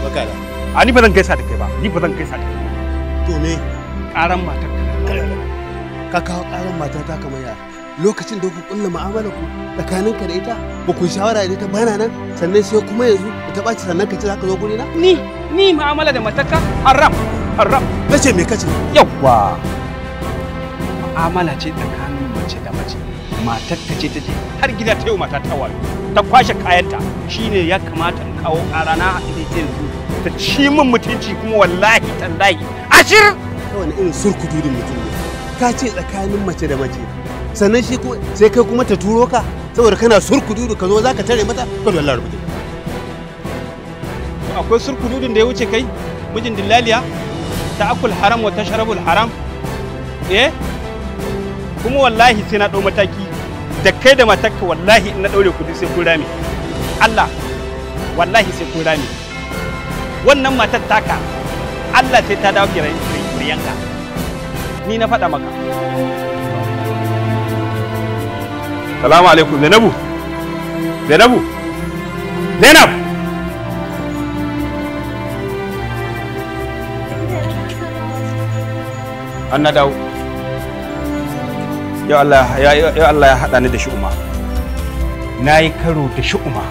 Speaker 4: baka da ni ba zan gaisa da kai ba ni ba zan gaisa da kai to me karan matar
Speaker 2: ka ka kawo karan matar ta kamar ya lokacin da ku kulla mu'amala ku tsakanin ka da ita ba ku shawara da ita bana nan sannan sai kuma yanzu ta ɓaci sannan ka ci za ka zo guri na ni
Speaker 4: ni mu'amala da matarka
Speaker 2: haram haram nace me kace yawwa
Speaker 4: mu'amala ce tsakanin mace da mace matar ta ce ta ce har gida ta yi mata ta wayo ta kwashe kayanta shine ya kamata in kawo ƙara na haɗu da
Speaker 2: yanzu ta ci min mutunci kuma wallahi tallahi ashir wani irin surkududin mutum ne ka ce tsakanin mace da mace sannan shi sai kai kuma ta turo ka saboda kana surkududu ka zo za ka tare mata ka dole rubuce
Speaker 4: akwai surkududin da ya wuce kai mijin dillaliya ta akul haram wa tashrabul haram eh kuma wallahi sai na ɗau mataki da kai da matakka wallahi in na daure kudi sai kun rame Allah wallahi sai kun rame wannan matar taka Allah sai ta dawo yanka ni na faɗa maka salamu alaikum zainabu zainabu zainab an na dawo yau Allah ya haɗa ni da shi'uma na yi karo da shi'uma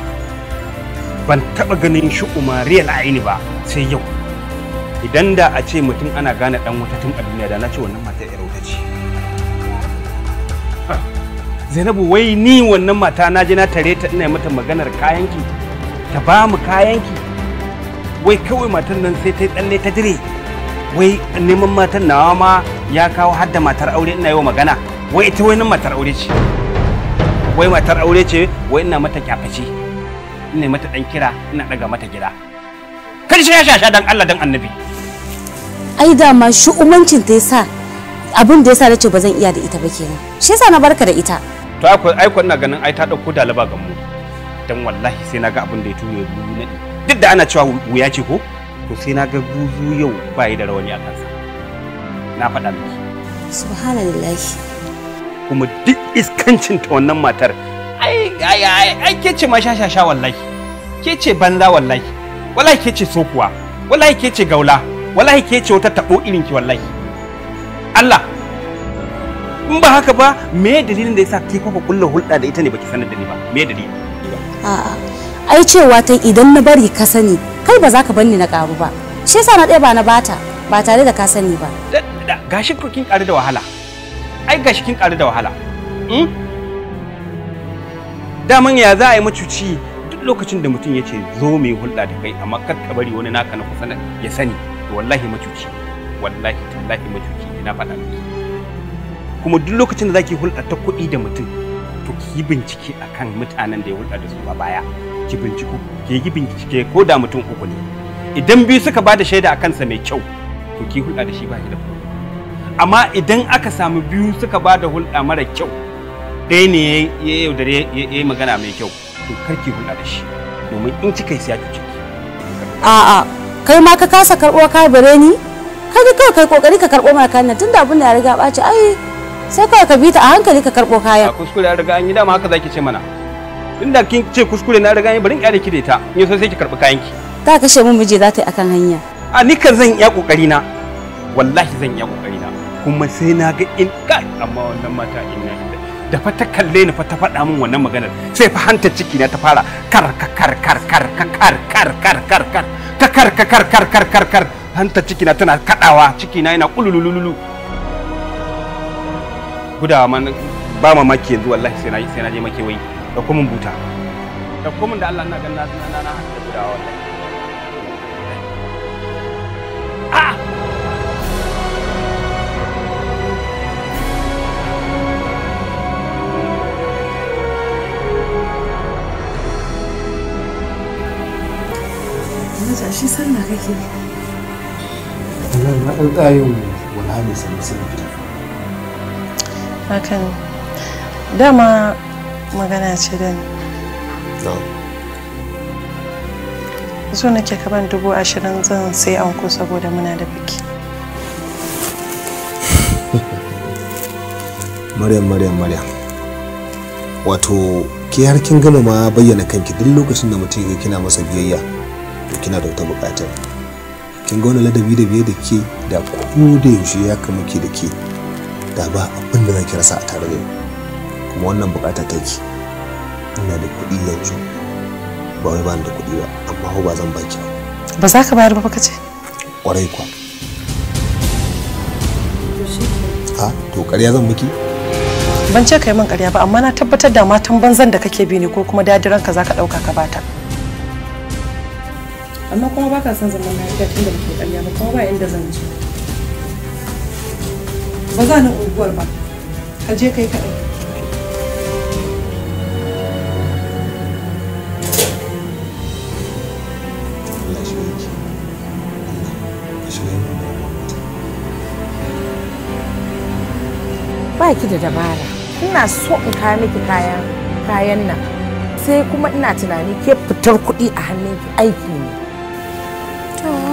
Speaker 4: ban taɓa ganin shi'uma real aini ba sai yau idan da a ce mutum ana gane ɗan wata tun a duniya da na ce wannan mata yar wuta ce zainabu wai ni wannan mata na je na tare ta ina mata maganar kayanki ta ba mu kayanki wai kawai matan nan sai ta yi tsalle ta dire wai neman matan nawa ma ya kawo hadda matar aure ina yi wa magana wai ita wani matar aure ce wai matar aure ce wai ina mata kyafaci ina mata dan kira ina daga mata gida kar shi ya shasha dan Allah dan annabi
Speaker 1: ai da ma shi umancin ta yasa abin da yasa nace ba zan iya da ita ba kenan shi yasa na barka da ita
Speaker 4: to ai ai ina ganin ai ta dauko dalaba ga mu dan wallahi sai naga abin da ya tuyo buzu na duk da ana cewa wuya ce ko to sai naga guzu yau bai da rawani a kansa na faɗa miki subhanallahi kuma duk iskancin ta wannan matar ai ai ai ke ce ma shashasha wallahi ke ce banza wallahi wallahi ke ce sokuwa wallahi ke ce gaula wallahi ke ce wata tabo irin ki wallahi Allah in ba haka ba me dalilin da yasa ke kuka kulla hulɗa da ita ne baki sanar da ni ba me dalili
Speaker 1: a'a ai cewa ta idan na bari ka sani kai ba za ka bar ni na karu ba shi yasa na ɗaya ba na bata ba tare da ka sani ba
Speaker 4: gashi kin kare da wahala ai gashi kin ƙaru da wahala hmm? daman ya za a yi macuci duk lokacin da mutum ya ce zo mai hulɗa da kai amma kar ka bari wani naka na kusa ya sani to wallahi macuci wallahi tallahi macuci ina faɗa miki kuma duk lokacin da zaki hulɗa ta kuɗi da mutum to ki bincike akan mutanen da ya hulɗa da su ba baya ki binciko ki yi bincike ko da mutum uku ne idan biyu suka ba da shaida akan sa mai kyau to ki hulɗa da shi ba ki da amma idan aka samu biyu suka ba da hulɗa mara kyau ɗaya ne ya yaudare ya yi magana mai kyau to karki hulɗa da shi domin in kika yi siyaki ciki
Speaker 1: a'a kai ma ka kasa karɓo ka bare ni ka ji kawai kai kokari ka karɓo mana kayan tunda abin da ya riga ɓaci ai sai kawai ka bi ta a hankali ka karɓo kayan a
Speaker 4: kuskure ya riga an yi dama haka zaki ce mana da kin ce kuskure na riga an yi bari in ƙyale ki da ita in so sai ki karɓi kayan ki ta kashe mu miji za ta yi akan hanya a ni kan zan iya kokari na wallahi zan iya kokari na kuma sai na ga in kai amma wannan mata na inda da fa ta kalle ni fa ta faɗa min wannan maganar sai fa hanta ciki na ta fara kar kar kar kar kar kar kar kar kar kar ta kar kar kar kar kar kar kar hanta ciki na tana kadawa ciki na yana kululululu gudawa ma ba mamaki yanzu wallahi sai na sai na je make wai da kuma buta da kuma da Allah na ga na na na gudawa wallahi a
Speaker 2: daraja
Speaker 1: na
Speaker 2: ɗan tsayin wala ne sami sai fita
Speaker 1: hakan dama magana ce da ni so nake kaban dubu ashirin zan sai anko saboda muna da biki
Speaker 2: maryam maryam maryam wato ke har kin gama ma bayyana kanki duk lokacin da mutum ya kina masa biyayya to kina da wata buƙatar kin ga wani ladabi da biye da ke da ko da yaushe ya kama ke da ke da ba abin da zaki rasa a tare da kuma wannan bukata ta ke ina da kuɗi yanzu ba wai bani da kuɗi ba amma ba zan baki
Speaker 5: ba
Speaker 1: za ka bayar ba ka ce
Speaker 5: kwarai kwa ha to ƙarya zan miki
Speaker 1: ban ce kai min ƙarya ba amma na tabbatar da matan banzan da kake bi ne ko kuma dadiranka za ka ɗauka ka bata amma kuma ba ka son zaman lafiya tun da muke ƙarya ba kuma ba inda zan je ba za ni unguwar ba ka je kai kaɗai ba ki da dabara ina so in kaya miki kayan kayan nan sai kuma ina tunani ke fitar kuɗi a hannun aiki ne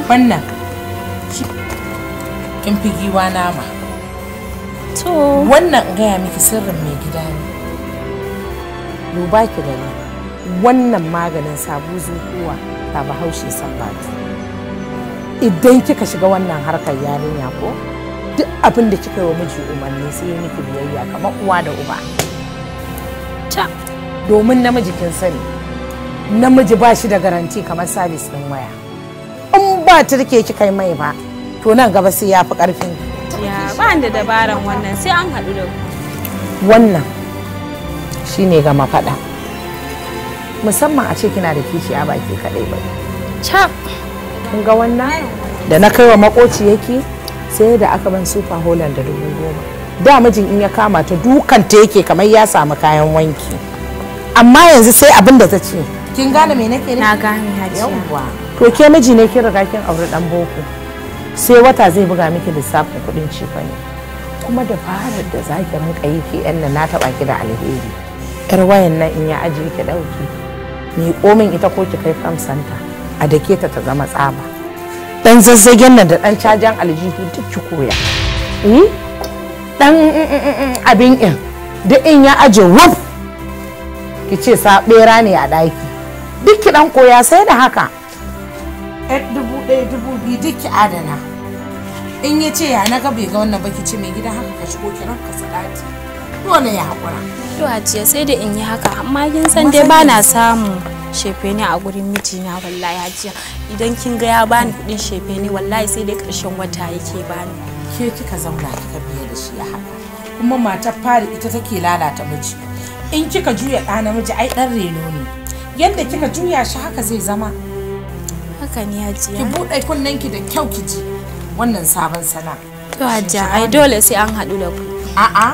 Speaker 1: Wannan. kin fi giwa nama to wannan gaya miki sirrin mai gida ne duba ki da ni wannan maganin sabu zukuwa ta bahaushe sabbatu idan kika shiga wannan harkar yarinya ko duk abin da kika yi wa miji umarni sai yi miki biyayya kamar uwa da uba ta domin namiji kin sani namiji ba shi da garanti kamar sabis din waya ba turke ki kai mai ba to nan gaba sai ya fi karfin ya ba da dabaran wannan sai an haɗu da wannan shine ga faɗa musamman a ce kina da kishi a baki kaɗai ba cap kun ga wannan da na kai wa makoci yake sai da aka ban super holland da dubu goma da mijin in ya kama ta dukanta yake kamar ya samu kayan wanki amma yanzu sai abinda da ta kin gane me nake na gane hajiya to ke miji ne ki riga kin aure dan boko sai wata zai buga miki lissafin kuɗin fa ne kuma da fara da zaki rinka yi ki yan na taɓa ki da alheri yar wayan nan in ya aje ki ɗauki ni komin ita ko ki kai fam santa a dake ta ta zama tsaba dan zazzagen nan da dan cajan aljihu duk ki koya eh dan mm, mm, mm, abin in da in ya aje wuf ki ce sa bera ne a daki duk ki dan koya sai da haka yar dubu ɗaya dubu biyu duk ki adana in ya ce ya na ga bai ga wannan ba ce mai gida haka ka shigo kiran ka salati dole ya haƙura. to hajiya sai da in yi haka amma kin san dai ba na samu shefe ne a gurin mijina wallahi hajiya idan kin ga ya bani kuɗin shefe ne wallahi sai dai karshen wata yake bani. ke kika zauna kika biya da shi ya haka kuma matar fari ita take lalata miji in kika juya ɗa namiji ai ɗan reno ne yadda kika juya shi haka zai zama haka ne hajiya ki bude kunnen ki da kyau ki ji wannan sabon sana to hajiya ai dole sai an hadu da ku a a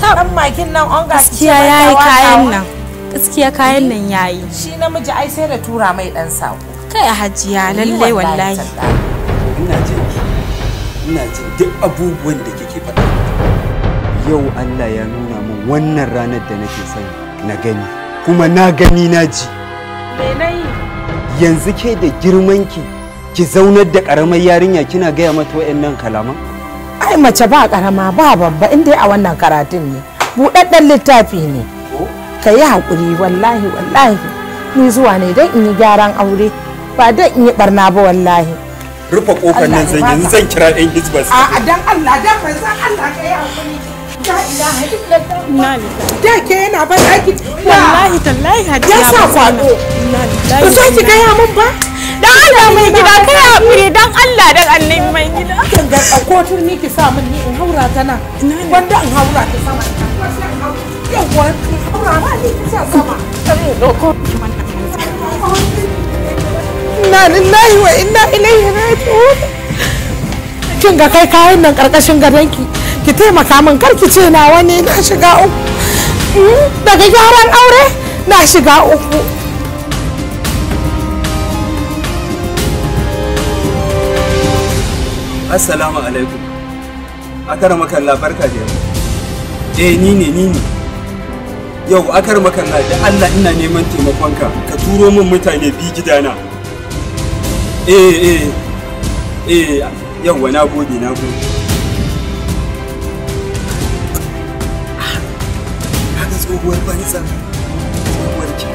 Speaker 1: ta dan makin nan on ga ya yi kayan nan gaskiya kayan nan yayi shi namiji ai sai da tura mai dan sako kai hajiya lalle wallahi ina jin
Speaker 2: ina
Speaker 4: jin duk abubuwan da kike faɗa yau Allah ya nuna min wannan ranar da nake sani na gani kuma na gani na ji me yanzu ke da girmanki ki zaunar da karamar yarinya kina gaya mata wayannan kalaman
Speaker 1: ai mace ba karama ba babba in dai a wannan karatun ne buɗaɗɗen littafi ne ka yi haƙuri wallahi wallahi ni zuwa ne don in yi gyaran aure ba don in yi barna ba wallahi
Speaker 4: rufe kofar nan zan yanzu zan kira ɗan hizba a dan
Speaker 1: Allah dan manzon Allah ka yi haƙuri da ke yana ba aiki wallahi tallahi hadiya ya sa kwado ba so ki gaya min ba dan Allah mai gida kai hakuri dan Allah dan Allah mai gida kan ga kotur ni ki sa min ni in haura ta nan wanda in haura ta sama yawa haura ma ni ki sa sama sai doko inna lillahi wa inna ilaihi raji'un kin ga kai kayan nan karkashin gadanki ki taimaka min kar ki ce na wani na shiga uku hmm? daga gyaran aure na shiga uku
Speaker 5: assalamu alaikum
Speaker 4: akar makalla barka da yau eh ni ne ni ne yau akar makalla da allah ina neman taimakonka ka turo min mutane bi gidana eh eh eh wa na gode na gode
Speaker 5: tsohuwar banza tsohuwar ce.